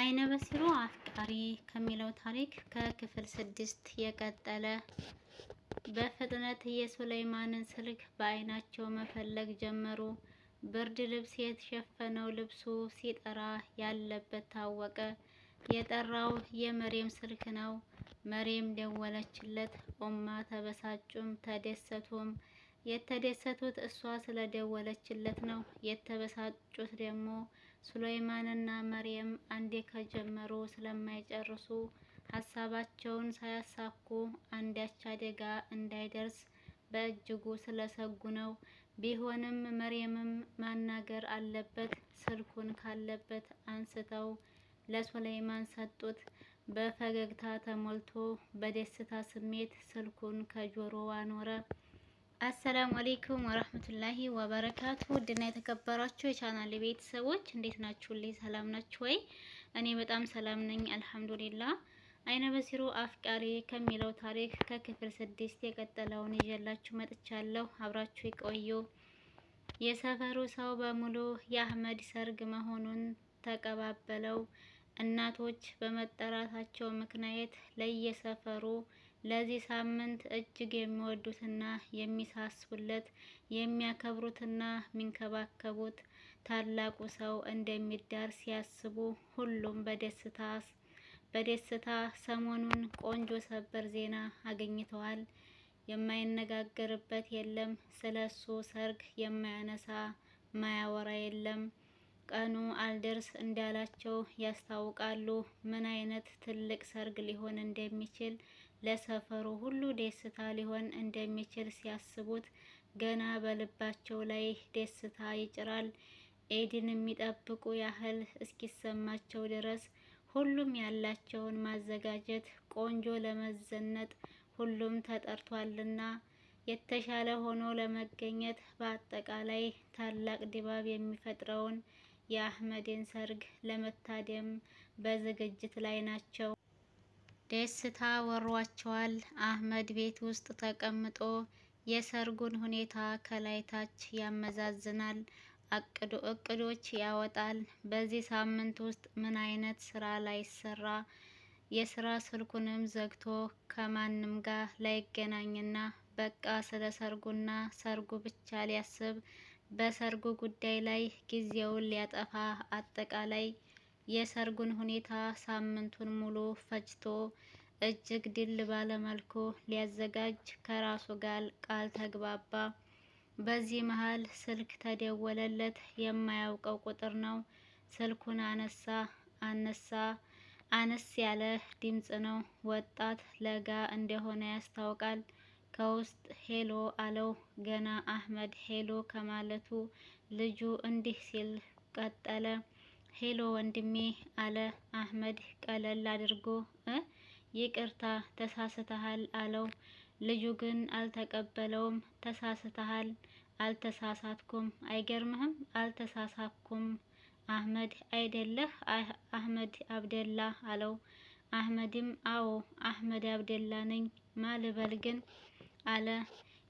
አይነ በሲሩ አፍቃሪ ከሚለው ታሪክ ከክፍል ስድስት የቀጠለ። በፍጥነት የሱለይማንን ስልክ በአይናቸው መፈለግ ጀመሩ። ብርድ ልብስ የተሸፈነው ልብሱ ሲጠራ ያለበት ታወቀ። የጠራው የመሬም ስልክ ነው። መሬም ደወለችለት። ኦማ ተበሳጩም ተደሰቱም። የተደሰቱት እሷ ስለደወለችለት ነው። የተበሳጩት ደግሞ ሱለይማንና መርየም አንዴ ከጀመሩ ስለማይጨርሱ ሀሳባቸውን ሳያሳኩ አንዳች አደጋ እንዳይደርስ በእጅጉ ስለሰጉ ነው። ቢሆንም መርየምም ማናገር አለበት። ስልኩን ካለበት አንስተው ለሱለይማን ሰጡት። በፈገግታ ተሞልቶ በደስታ ስሜት ስልኩን ከጆሮው አኖረ። አሰላሙ አሌይኩም ወረህመቱላሂ ወበረካቱ ውድና የተከበራችሁ የቻናል ቤተሰቦች እንዴት ናችሁ ናችሁልኝ? ሰላም ናችሁ ወይ? እኔ በጣም ሰላም ነኝ አልሐምዱሊላ። አይነ በሲሩ አፍቃሪ ከሚለው ታሪክ ከክፍል ስድስት የቀጠለውን ይዤላችሁ መጥቻለሁ። አብራችሁ ይቆዩ የሰፈሩ ሰው በሙሉ የአህመድ ሰርግ መሆኑን ተቀባበለው። እናቶች በመጠራታቸው ምክንያት ለየሰፈሩ ለዚህ ሳምንት እጅግ የሚወዱትና የሚሳሱለት የሚያከብሩትና የሚንከባከቡት ታላቁ ሰው እንደሚዳር ሲያስቡ ሁሉም በደስታ በደስታ ሰሞኑን ቆንጆ ሰበር ዜና አግኝተዋል። የማይነጋገርበት የለም፣ ስለ እሱ ሰርግ የማያነሳ ማያወራ የለም። ቀኑ አልደርስ እንዳላቸው ያስታውቃሉ። ምን አይነት ትልቅ ሰርግ ሊሆን እንደሚችል ለሰፈሩ ሁሉ ደስታ ሊሆን እንደሚችል ሲያስቡት ገና በልባቸው ላይ ደስታ ይጭራል። ኤድን የሚጠብቁ ያህል እስኪሰማቸው ድረስ ሁሉም ያላቸውን ማዘጋጀት ቆንጆ ለመዘነጥ ሁሉም ተጠርቷልና የተሻለ ሆኖ ለመገኘት በአጠቃላይ ታላቅ ድባብ የሚፈጥረውን የአህመድን ሰርግ ለመታደም በዝግጅት ላይ ናቸው። ደስታ ወሯቸዋል። አህመድ ቤት ውስጥ ተቀምጦ የሰርጉን ሁኔታ ከላይታች ያመዛዝናል፣ እቅዶች ያወጣል። በዚህ ሳምንት ውስጥ ምን አይነት ስራ ላይ ሰራ? የስራ ስልኩንም ዘግቶ ከማንም ጋር ላይገናኝና በቃ ስለ ሰርጉና ሰርጉ ብቻ ሊያስብ በሰርጉ ጉዳይ ላይ ጊዜውን ሊያጠፋ አጠቃላይ የሰርጉን ሁኔታ ሳምንቱን ሙሉ ፈጅቶ እጅግ ድል ባለ መልኩ ሊያዘጋጅ ከራሱ ጋር ቃል ተግባባ። በዚህ መሀል ስልክ ተደወለለት። የማያውቀው ቁጥር ነው። ስልኩን አነሳ አነሳ አነስ ያለ ድምጽ ነው። ወጣት ለጋ እንደሆነ ያስታውቃል። ከውስጥ ሄሎ አለው። ገና አህመድ ሄሎ ከማለቱ ልጁ እንዲህ ሲል ቀጠለ ሄሎ ወንድሜ አለ አህመድ ቀለል አድርጎ። ይቅርታ ተሳስተሃል አለው። ልጁ ግን አልተቀበለውም። ተሳስተሃል፣ አልተሳሳትኩም፣ አይገርምህም? አልተሳሳትኩም አህመድ አይደለህ አህመድ አብደላ አለው። አህመድም አዎ አህመድ አብደላ ነኝ ማልበል ግን አለ።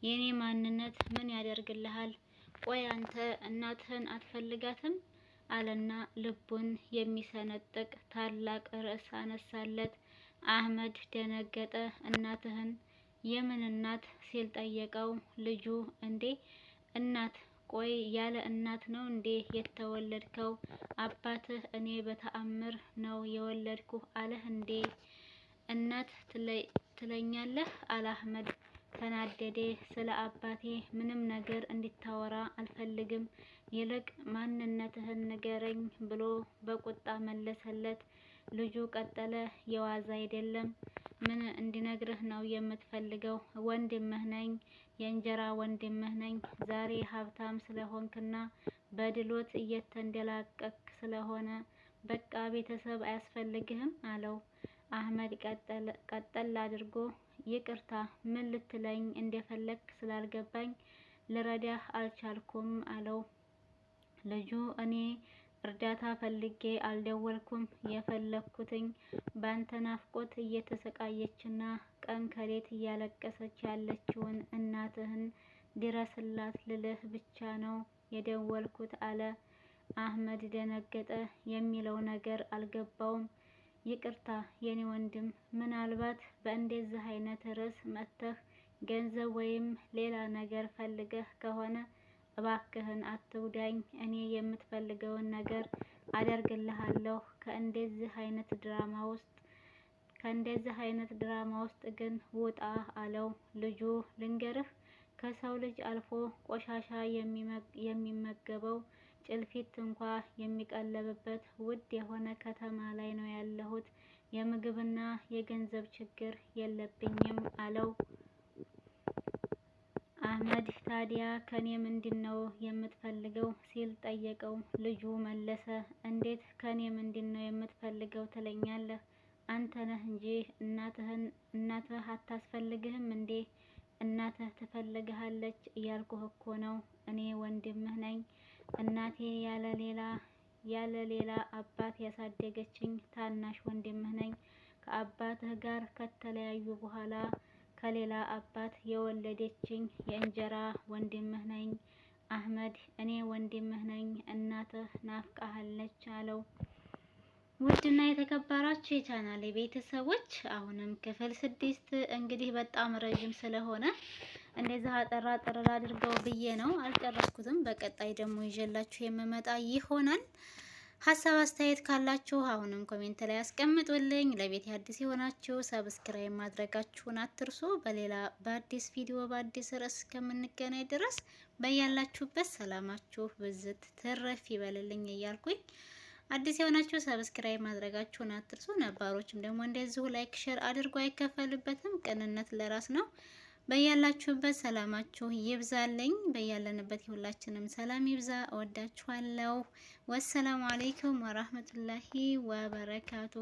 የኔ ማንነት ምን ያደርግልሃል? ቆይ አንተ እናትህን አትፈልጋትም? አለና ልቡን የሚሰነጥቅ ታላቅ ርዕስ አነሳለት። አህመድ ደነገጠ። እናትህን የምን እናት ሲል ጠየቀው። ልጁ እንዴ እናት ቆይ ያለ እናት ነው እንዴ የተወለድከው? አባትህ እኔ በተአምር ነው የወለድኩ አለህ እንዴ? እናት ትለኛለህ? አለ አህመድ። ተናደዴ ስለ አባቴ ምንም ነገር እንድታወራ አልፈልግም፣ ይልቅ ማንነትህን ንገረኝ ብሎ በቁጣ መለሰለት። ልጁ ቀጠለ፣ የዋዛ አይደለም፣ ምን እንዲነግርህ ነው የምትፈልገው? ወንድምህ ነኝ፣ የእንጀራ ወንድምህ ነኝ። ዛሬ ሀብታም ስለሆንክና በድሎት እየተንደላቀክ ስለሆነ በቃ ቤተሰብ አያስፈልግህም አለው። አህመድ ቀጠል አድርጎ ይቅርታ ምን ልትለኝ እንደፈለግ ስላልገባኝ ልረዳህ አልቻልኩም አለው። ልጁ እኔ እርዳታ ፈልጌ አልደወልኩም የፈለግኩትኝ ባንተ ናፍቆት እየተሰቃየችና ቀን ከሌት እያለቀሰች ያለችውን እናትህን ድረስላት ልልህ ብቻ ነው የደወልኩት አለ። አህመድ ደነገጠ። የሚለው ነገር አልገባውም። ይቅርታ የኔ ወንድም፣ ምናልባት በእንደዚህ አይነት ርዕስ መጥተህ ገንዘብ ወይም ሌላ ነገር ፈልገህ ከሆነ እባክህን አትውዳኝ እኔ የምትፈልገውን ነገር አደርግልሃለሁ። ከእንደዚህ አይነት ድራማ ውስጥ ከእንደዚህ አይነት ድራማ ውስጥ ግን ውጣ አለው። ልጁ ልንገርህ፣ ከሰው ልጅ አልፎ ቆሻሻ የሚመገበው ጭልፊት እንኳ የሚቀለብበት ውድ የሆነ ከተማ ላይ ነው ያለሁት። የምግብና የገንዘብ ችግር የለብኝም አለው። አህመድ ታዲያ ከኔ ነው የምትፈልገው ሲል ጠየቀው። ልጁ መለሰ፣ እንዴት ከኔ ነው የምትፈልገው ትለኛለህ? አንተ ነህ እንጂ እናትህን እናትህ አታስፈልግህም እንዴ? እናትህ ትፈልግሃለች እያልኩህ እኮ ነው። እኔ ወንድምህ ነኝ። እናቴ ያለ ሌላ ያለ ሌላ አባት ያሳደገችኝ ታናሽ ወንድምህ ነኝ። ከአባትህ ጋር ከተለያዩ በኋላ ከሌላ አባት የወለደችኝ የእንጀራ ወንድምህ ነኝ። አህመድ እኔ ወንድምህ ነኝ፣ እናትህ ናፍቃሃለች አለው። ውድና የተከበራችሁ የቻናል ቤተሰቦች አሁንም ክፍል ስድስት እንግዲህ በጣም ረዥም ስለሆነ እንደዛ አጠራ ጠረር አድርገው ብዬ ነው። አልጨረስኩትም። በቀጣይ ደግሞ ይዤላችሁ የምመጣ ይሆናል። ሀሳብ አስተያየት ካላችሁ አሁንም ኮሜንት ላይ አስቀምጡልኝ። ለቤት አዲስ የሆናችሁ ሰብስክራይብ ማድረጋችሁን አትርሱ። በሌላ በአዲስ ቪዲዮ በአዲስ ርዕስ እስከምንገናኝ ድረስ በያላችሁበት ሰላማችሁ ብዝት ትረፍ ይበልልኝ እያልኩኝ አዲስ የሆናችሁ ሰብስክራይብ ማድረጋችሁን አትርሱ። ነባሮችም ደግሞ እንደዚሁ ላይክ፣ ሼር አድርጎ አይከፈልበትም። ቅንነት ለራስ ነው። በያላችሁበት ሰላማችሁ ይብዛልኝ። በያለንበት የሁላችንም ሰላም ይብዛ። እወዳችኋለሁ። ወሰላሙ አለይኩም ወራህመቱላሂ ወበረካቱ